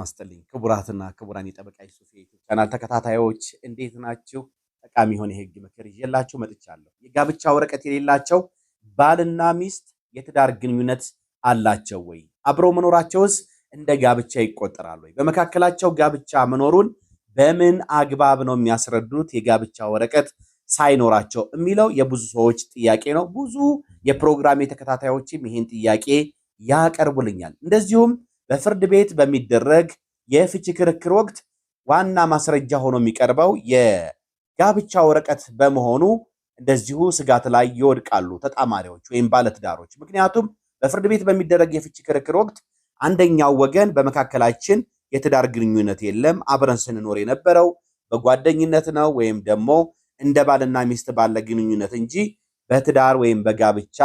ማስጥልኝ ክቡራትና ክቡራን የጠበቃ ዩሱፍ ቻናል ተከታታዮች እንዴት ናችሁ? ጠቃሚ የሆነ የህግ ምክር ይዤላችሁ መጥቻለሁ። የጋብቻ ወረቀት የሌላቸው ባልና ሚስት የትዳር ግንኙነት አላቸው ወይ? አብረው መኖራቸውስ እንደ ጋብቻ ይቆጠራል ወይ? በመካከላቸው ጋብቻ መኖሩን በምን አግባብ ነው የሚያስረዱት? የጋብቻ ወረቀት ሳይኖራቸው የሚለው የብዙ ሰዎች ጥያቄ ነው። ብዙ የፕሮግራሜ ተከታታዮችም ይህን ጥያቄ ያቀርቡልኛል። እንደዚሁም በፍርድ ቤት በሚደረግ የፍች ክርክር ወቅት ዋና ማስረጃ ሆኖ የሚቀርበው የጋብቻ ወረቀት በመሆኑ እንደዚሁ ስጋት ላይ ይወድቃሉ ተጣማሪዎች ወይም ባለትዳሮች። ምክንያቱም በፍርድ ቤት በሚደረግ የፍች ክርክር ወቅት አንደኛው ወገን በመካከላችን የትዳር ግንኙነት የለም፣ አብረን ስንኖር የነበረው በጓደኝነት ነው ወይም ደግሞ እንደ ባልና ሚስት ባለ ግንኙነት እንጂ በትዳር ወይም በጋብቻ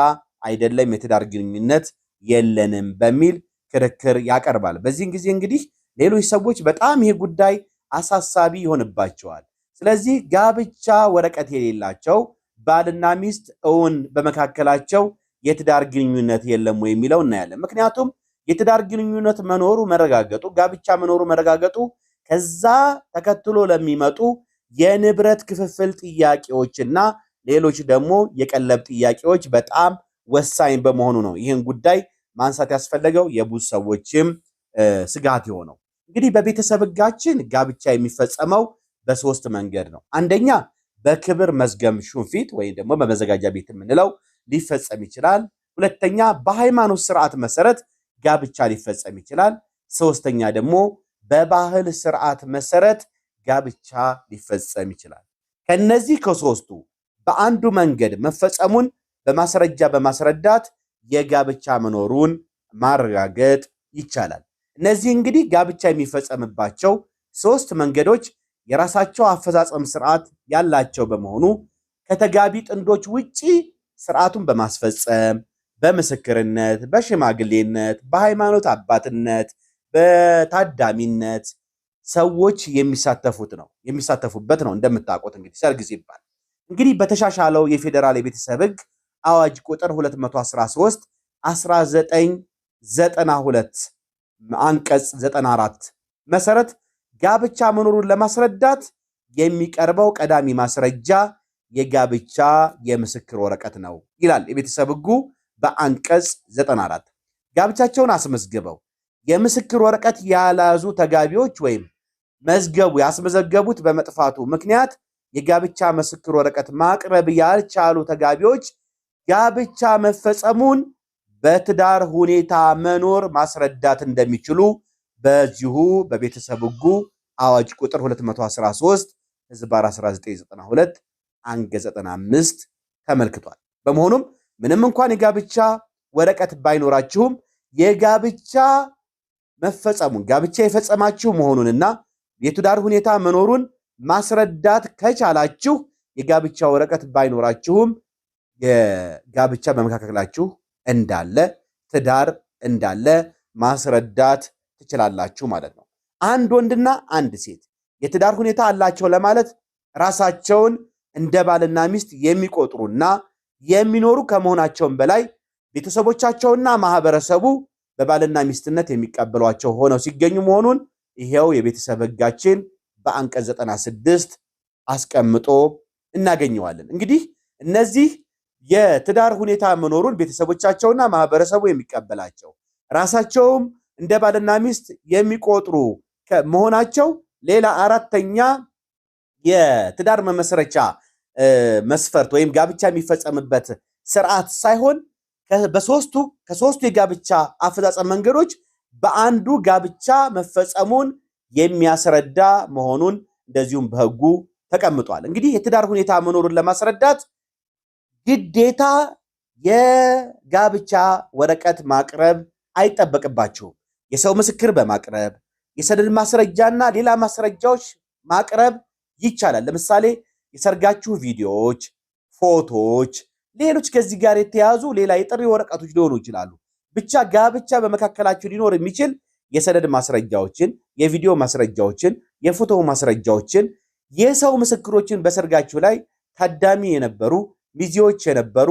አይደለም፣ የትዳር ግንኙነት የለንም በሚል ክርክር ያቀርባል። በዚህን ጊዜ እንግዲህ ሌሎች ሰዎች በጣም ይሄ ጉዳይ አሳሳቢ ይሆንባቸዋል። ስለዚህ ጋብቻ ወረቀት የሌላቸው ባልና ሚስት እውን በመካከላቸው የትዳር ግንኙነት የለም ወይ የሚለው እናያለን። ምክንያቱም የትዳር ግንኙነት መኖሩ መረጋገጡ ጋብቻ መኖሩ መረጋገጡ ከዛ ተከትሎ ለሚመጡ የንብረት ክፍፍል ጥያቄዎችና ሌሎች ደግሞ የቀለብ ጥያቄዎች በጣም ወሳኝ በመሆኑ ነው። ይህን ጉዳይ ማንሳት ያስፈለገው የብዙ ሰዎችም ስጋት የሆነው እንግዲህ በቤተሰብ ህጋችን ጋብቻ የሚፈጸመው በሶስት መንገድ ነው። አንደኛ በክብር መዝገብ ሹምፊት ወይም ደግሞ በመዘጋጃ ቤት የምንለው ሊፈጸም ይችላል። ሁለተኛ በሃይማኖት ስርዓት መሰረት ጋብቻ ሊፈጸም ይችላል። ሶስተኛ ደግሞ በባህል ስርዓት መሰረት ጋብቻ ሊፈጸም ይችላል። ከነዚህ ከሶስቱ በአንዱ መንገድ መፈጸሙን በማስረጃ በማስረዳት የጋብቻ መኖሩን ማረጋገጥ ይቻላል። እነዚህ እንግዲህ ጋብቻ የሚፈጸምባቸው ሶስት መንገዶች የራሳቸው አፈጻጸም ስርዓት ያላቸው በመሆኑ ከተጋቢ ጥንዶች ውጪ ስርዓቱን በማስፈጸም በምስክርነት፣ በሽማግሌነት፣ በሃይማኖት አባትነት፣ በታዳሚነት ሰዎች የሚሳተፉት ነው የሚሳተፉበት ነው። እንደምታውቁት እንግዲህ ሰርግ ሲባል እንግዲህ በተሻሻለው የፌዴራል የቤተሰብ ህግ። አዋጅ ቁጥር 213 1992 አንቀጽ 94 መሰረት ጋብቻ መኖሩን ለማስረዳት የሚቀርበው ቀዳሚ ማስረጃ የጋብቻ የምስክር ወረቀት ነው ይላል የቤተሰብ ሕጉ በአንቀጽ 94። ጋብቻቸውን አስመዝግበው የምስክር ወረቀት ያላዙ ተጋቢዎች ወይም መዝገቡ ያስመዘገቡት በመጥፋቱ ምክንያት የጋብቻ ምስክር ወረቀት ማቅረብ ያልቻሉ ተጋቢዎች ጋብቻ መፈጸሙን በትዳር ሁኔታ መኖር ማስረዳት እንደሚችሉ በዚሁ በቤተሰብ ሕጉ አዋጅ ቁጥር 213 ህዝባር 1992 አንቀጽ 95 ተመልክቷል። በመሆኑም ምንም እንኳን የጋብቻ ወረቀት ባይኖራችሁም የጋብቻ መፈጸሙን ጋብቻ የፈጸማችሁ መሆኑንና የትዳር ሁኔታ መኖሩን ማስረዳት ከቻላችሁ የጋብቻ ወረቀት ባይኖራችሁም የጋብቻ በመካከላችሁ እንዳለ ትዳር እንዳለ ማስረዳት ትችላላችሁ ማለት ነው። አንድ ወንድና አንድ ሴት የትዳር ሁኔታ አላቸው ለማለት ራሳቸውን እንደ ባልና ሚስት የሚቆጥሩና የሚኖሩ ከመሆናቸውም በላይ ቤተሰቦቻቸውና ማህበረሰቡ በባልና ሚስትነት የሚቀበሏቸው ሆነው ሲገኙ መሆኑን ይሄው የቤተሰብ ሕጋችን በአንቀጽ ስድስት አስቀምጦ እናገኘዋለን። እንግዲህ እነዚህ የትዳር ሁኔታ መኖሩን ቤተሰቦቻቸውና ማህበረሰቡ የሚቀበላቸው ራሳቸውም እንደ ባልና ሚስት የሚቆጥሩ መሆናቸው ሌላ አራተኛ የትዳር መመስረቻ መስፈርት ወይም ጋብቻ የሚፈጸምበት ስርዓት ሳይሆን በሶስቱ ከሶስቱ የጋብቻ አፈጻጸም መንገዶች በአንዱ ጋብቻ መፈጸሙን የሚያስረዳ መሆኑን እንደዚሁም በህጉ ተቀምጧል። እንግዲህ የትዳር ሁኔታ መኖሩን ለማስረዳት ግዴታ የጋብቻ ወረቀት ማቅረብ አይጠበቅባቸውም። የሰው ምስክር በማቅረብ የሰነድ ማስረጃና ሌላ ማስረጃዎች ማቅረብ ይቻላል። ለምሳሌ የሰርጋችሁ ቪዲዮዎች፣ ፎቶዎች፣ ሌሎች ከዚህ ጋር የተያዙ ሌላ የጥሪ ወረቀቶች ሊሆኑ ይችላሉ። ብቻ ጋብቻ በመካከላችሁ ሊኖር የሚችል የሰነድ ማስረጃዎችን፣ የቪዲዮ ማስረጃዎችን፣ የፎቶ ማስረጃዎችን፣ የሰው ምስክሮችን በሰርጋችሁ ላይ ታዳሚ የነበሩ ሚዜዎች የነበሩ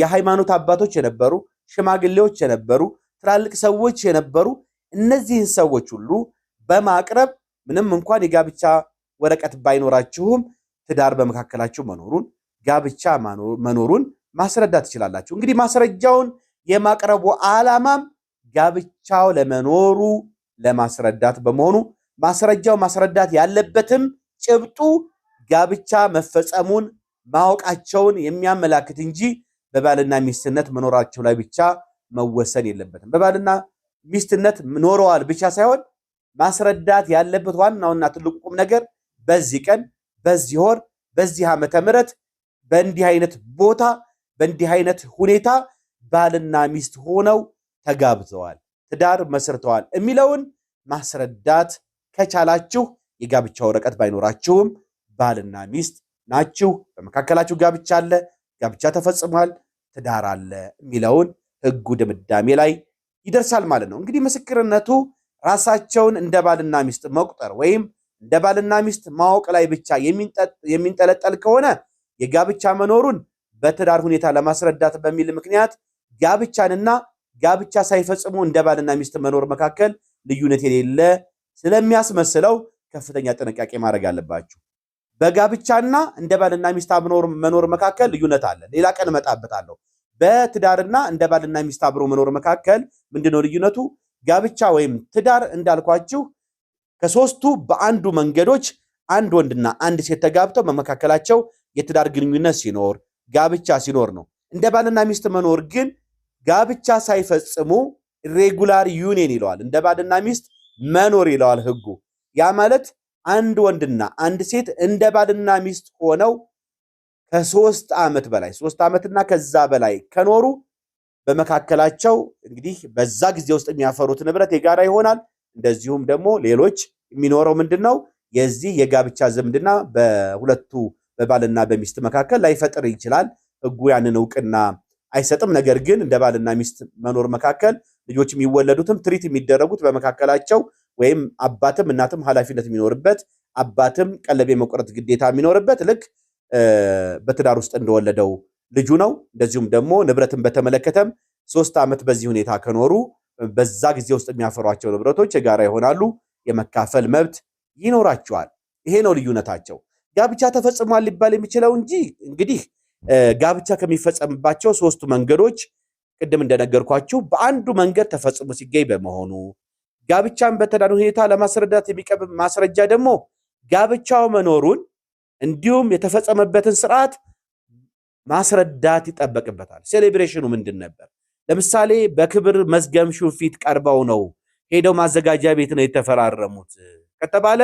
የሃይማኖት አባቶች የነበሩ ሽማግሌዎች የነበሩ ትላልቅ ሰዎች የነበሩ እነዚህን ሰዎች ሁሉ በማቅረብ ምንም እንኳን የጋብቻ ወረቀት ባይኖራችሁም ትዳር በመካከላችሁ መኖሩን ጋብቻ መኖሩን ማስረዳት ትችላላችሁ። እንግዲህ ማስረጃውን የማቅረቡ ዓላማም ጋብቻው ለመኖሩ ለማስረዳት በመሆኑ ማስረጃው ማስረዳት ያለበትም ጭብጡ ጋብቻ መፈጸሙን ማወቃቸውን የሚያመላክት እንጂ በባልና ሚስትነት መኖራቸው ላይ ብቻ መወሰን የለበትም። በባልና ሚስትነት ኖረዋል ብቻ ሳይሆን ማስረዳት ያለበት ዋናውና ትልቁ ቁም ነገር በዚህ ቀን፣ በዚህ ወር፣ በዚህ ዓመተ ምሕረት በእንዲህ አይነት ቦታ በእንዲህ አይነት ሁኔታ ባልና ሚስት ሆነው ተጋብተዋል፣ ትዳር መስርተዋል የሚለውን ማስረዳት ከቻላችሁ የጋብቻ ወረቀት ባይኖራችሁም ባልና ሚስት ናችሁ፣ በመካከላችሁ ጋብቻ አለ፣ ጋብቻ ተፈጽሟል፣ ትዳር አለ የሚለውን ህጉ ድምዳሜ ላይ ይደርሳል ማለት ነው። እንግዲህ ምስክርነቱ ራሳቸውን እንደ ባልና ሚስት መቁጠር ወይም እንደ ባልና ሚስት ማወቅ ላይ ብቻ የሚንጠለጠል ከሆነ የጋብቻ መኖሩን በትዳር ሁኔታ ለማስረዳት በሚል ምክንያት ጋብቻንና ጋብቻ ሳይፈጽሙ እንደ ባልና ሚስት መኖር መካከል ልዩነት የሌለ ስለሚያስመስለው ከፍተኛ ጥንቃቄ ማድረግ አለባችሁ። በጋብቻና እንደ ባልና ሚስት አብሮ መኖር መካከል ልዩነት አለ። ሌላ ቀን እመጣበታለሁ። በትዳርና እንደ ባልና ሚስት አብሮ መኖር መካከል ምንድነው ልዩነቱ? ጋብቻ ወይም ትዳር እንዳልኳችሁ ከሶስቱ በአንዱ መንገዶች አንድ ወንድና አንድ ሴት ተጋብተው በመካከላቸው የትዳር ግንኙነት ሲኖር ጋብቻ ሲኖር ነው። እንደ ባልና ሚስት መኖር ግን ጋብቻ ሳይፈጽሙ ሬጉላር ዩኒየን ይለዋል። እንደ ባልና ሚስት መኖር ይለዋል ህጉ። ያ ማለት አንድ ወንድና አንድ ሴት እንደ ባልና ሚስት ሆነው ከሶስት ዓመት በላይ ሶስት ዓመትና ከዛ በላይ ከኖሩ በመካከላቸው እንግዲህ በዛ ጊዜ ውስጥ የሚያፈሩት ንብረት የጋራ ይሆናል። እንደዚሁም ደግሞ ሌሎች የሚኖረው ምንድን ነው የዚህ የጋብቻ ዝምድና በሁለቱ በባልና በሚስት መካከል ላይፈጥር ይችላል። ህጉ ያንን እውቅና አይሰጥም። ነገር ግን እንደ ባልና ሚስት መኖር መካከል ልጆች የሚወለዱትም ትሪት የሚደረጉት በመካከላቸው ወይም አባትም እናትም ኃላፊነት የሚኖርበት አባትም ቀለብ የመቁረጥ ግዴታ የሚኖርበት ልክ በትዳር ውስጥ እንደወለደው ልጁ ነው። እንደዚሁም ደግሞ ንብረትን በተመለከተም ሶስት ዓመት በዚህ ሁኔታ ከኖሩ በዛ ጊዜ ውስጥ የሚያፈሯቸው ንብረቶች የጋራ ይሆናሉ። የመካፈል መብት ይኖራቸዋል። ይሄ ነው ልዩነታቸው። ጋብቻ ተፈጽሟል ሊባል የሚችለው እንጂ እንግዲህ ጋብቻ ከሚፈጸምባቸው ሶስቱ መንገዶች ቅድም እንደነገርኳችሁ በአንዱ መንገድ ተፈጽሞ ሲገኝ በመሆኑ ጋብቻን በተዳኑ ሁኔታ ለማስረዳት የሚቀርብ ማስረጃ ደግሞ ጋብቻው መኖሩን እንዲሁም የተፈጸመበትን ስርዓት ማስረዳት ይጠበቅበታል። ሴሌብሬሽኑ ምንድን ነበር? ለምሳሌ በክብር መዝገም ሹፊት ቀርበው ነው ሄደው ማዘጋጃ ቤት ነው የተፈራረሙት ከተባለ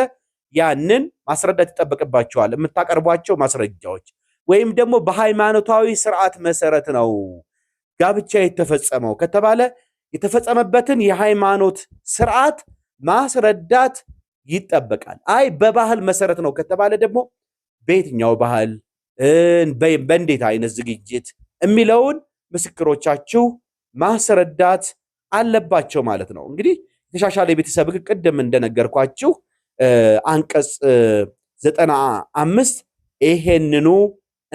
ያንን ማስረዳት ይጠበቅባቸዋል። የምታቀርቧቸው ማስረጃዎች ወይም ደግሞ በሃይማኖታዊ ስርዓት መሰረት ነው ጋብቻ የተፈጸመው ከተባለ የተፈጸመበትን የሃይማኖት ስርዓት ማስረዳት ይጠበቃል። አይ በባህል መሰረት ነው ከተባለ ደግሞ በየትኛው ባህል በእንዴት አይነት ዝግጅት የሚለውን ምስክሮቻችሁ ማስረዳት አለባቸው ማለት ነው። እንግዲህ የተሻሻለ የቤተሰብ ህግ ቅድም እንደነገርኳችሁ አንቀጽ ዘጠና አምስት ይሄንኑ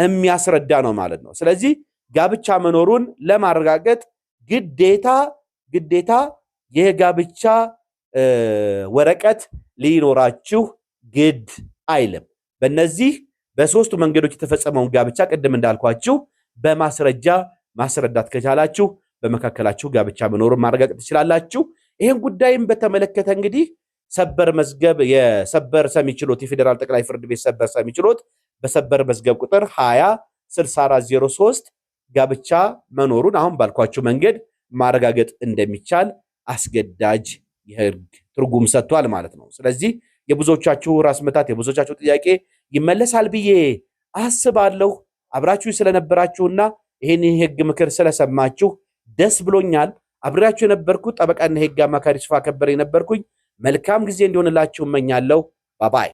የሚያስረዳ ነው ማለት ነው። ስለዚህ ጋብቻ መኖሩን ለማረጋገጥ ግዴታ ግዴታ የጋብቻ ወረቀት ሊኖራችሁ ግድ አይልም። በእነዚህ በሶስቱ መንገዶች የተፈጸመውን ጋብቻ ቅድም እንዳልኳችሁ በማስረጃ ማስረዳት ከቻላችሁ በመካከላችሁ ጋብቻ መኖሩን ማረጋገጥ ትችላላችሁ። ይህን ጉዳይም በተመለከተ እንግዲህ ሰበር መዝገብ የሰበር ሰሚ ችሎት የፌዴራል ጠቅላይ ፍርድ ቤት ሰበር ሰሚ ችሎት በሰበር መዝገብ ቁጥር 20 6403 ጋብቻ መኖሩን አሁን ባልኳችሁ መንገድ ማረጋገጥ እንደሚቻል አስገዳጅ የህግ ትርጉም ሰጥቷል ማለት ነው። ስለዚህ የብዙዎቻችሁ ራስ ምታት፣ የብዙዎቻችሁ ጥያቄ ይመለሳል ብዬ አስባለሁ። አብራችሁ ስለነበራችሁና ይህን የህግ ምክር ስለሰማችሁ ደስ ብሎኛል። አብሬያችሁ የነበርኩት ጠበቃና የህግ አማካሪ ስፋ ከበር የነበርኩኝ። መልካም ጊዜ እንዲሆንላችሁ እመኛለሁ። ባባይ